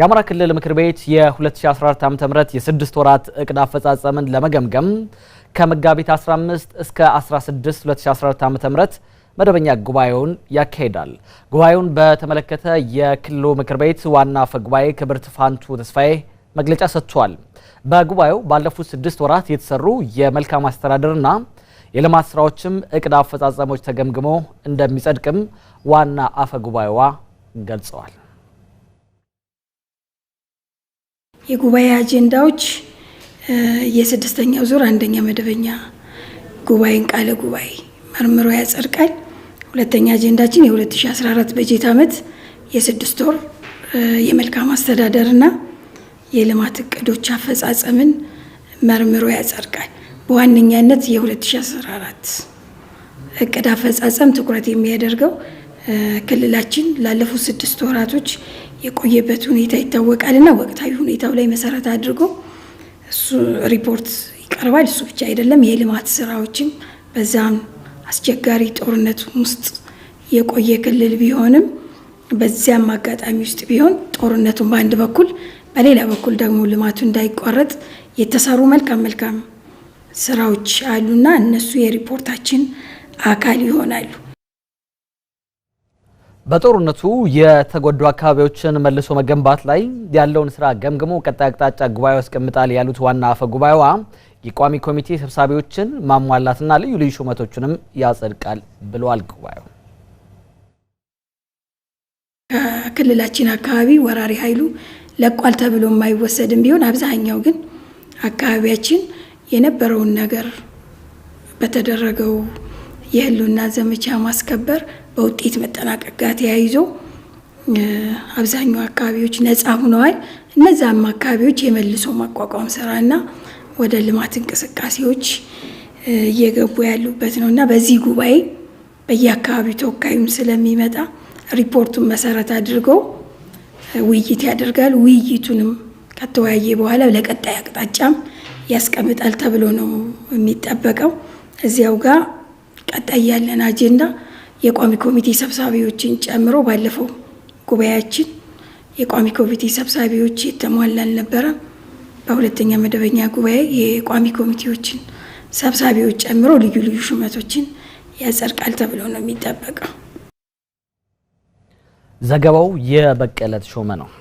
የአማራ ክልል ምክር ቤት የ2014 ም የስድስት ወራት እቅድ አፈጻጸምን ለመገምገም ከመጋቢት 15 እስከ 16 2014 ም መደበኛ ጉባኤውን ያካሂዳል። ጉባኤውን በተመለከተ የክልሉ ምክር ቤት ዋና አፈ ጉባኤ ክብርት ፋንቱ ተስፋዬ መግለጫ ሰጥቷል። በጉባኤው ባለፉት ስድስት ወራት የተሰሩ የመልካም አስተዳደርና የልማት ስራዎችም እቅድ አፈጻጸሞች ተገምግሞ እንደሚጸድቅም ዋና አፈ ጉባኤዋ ገልጸዋል። የጉባኤ አጀንዳዎች የስድስተኛው ዙር አንደኛ መደበኛ ጉባኤን ቃለ ጉባኤ መርምሮ ያጸድቃል። ሁለተኛ አጀንዳችን የ2014 በጀት ዓመት የስድስት ወር የመልካም አስተዳደርና የልማት እቅዶች አፈጻጸምን መርምሮ ያጸድቃል። በዋነኛነት የ2014 እቅድ አፈጻጸም ትኩረት የሚያደርገው ክልላችን ላለፉት ስድስት ወራቶች የቆየበት ሁኔታ ይታወቃል። እና ወቅታዊ ሁኔታው ላይ መሰረት አድርጎ እሱ ሪፖርት ይቀርባል። እሱ ብቻ አይደለም፣ የልማት ስራዎችም በዛም አስቸጋሪ ጦርነት ውስጥ የቆየ ክልል ቢሆንም በዚያም አጋጣሚ ውስጥ ቢሆን ጦርነቱን በአንድ በኩል በሌላ በኩል ደግሞ ልማቱ እንዳይቋረጥ የተሰሩ መልካም መልካም ስራዎች አሉና እነሱ የሪፖርታችን አካል ይሆናሉ። በጦርነቱ የተጎዱ አካባቢዎችን መልሶ መገንባት ላይ ያለውን ስራ ገምግሞ ቀጣይ አቅጣጫ ጉባኤው ያስቀምጣል ያሉት ዋና አፈ ጉባኤዋ የቋሚ ኮሚቴ ሰብሳቢዎችን ማሟላትና ልዩ ልዩ ሹመቶችንም ያጸድቃል ብለዋል። ጉባኤው ከክልላችን አካባቢ ወራሪ ኃይሉ ለቋል ተብሎ የማይወሰድም ቢሆን አብዛኛው ግን አካባቢያችን የነበረውን ነገር በተደረገው የህልውና ዘመቻ ማስከበር በውጤት መጠናቀቅ ጋር ተያይዞ አብዛኛው አካባቢዎች ነፃ ሆነዋል። እነዛም አካባቢዎች የመልሶ ማቋቋም ስራና ወደ ልማት እንቅስቃሴዎች እየገቡ ያሉበት ነው እና በዚህ ጉባኤ በየአካባቢው ተወካዩም ስለሚመጣ ሪፖርቱን መሰረት አድርጎ ውይይት ያደርጋል። ውይይቱንም ከተወያየ በኋላ ለቀጣይ አቅጣጫም ያስቀምጣል ተብሎ ነው የሚጠበቀው እዚያው ጋር ቀጣይ ያለን አጀንዳ የቋሚ ኮሚቴ ሰብሳቢዎችን ጨምሮ ባለፈው ጉባኤያችን የቋሚ ኮሚቴ ሰብሳቢዎች የተሟላ አልነበረም። በሁለተኛ መደበኛ ጉባኤ የቋሚ ኮሚቴዎችን ሰብሳቢዎች ጨምሮ ልዩ ልዩ ሹመቶችን ያጸድቃል ተብሎ ነው የሚጠበቀው። ዘገባው የበቀለ ተሾመ ነው።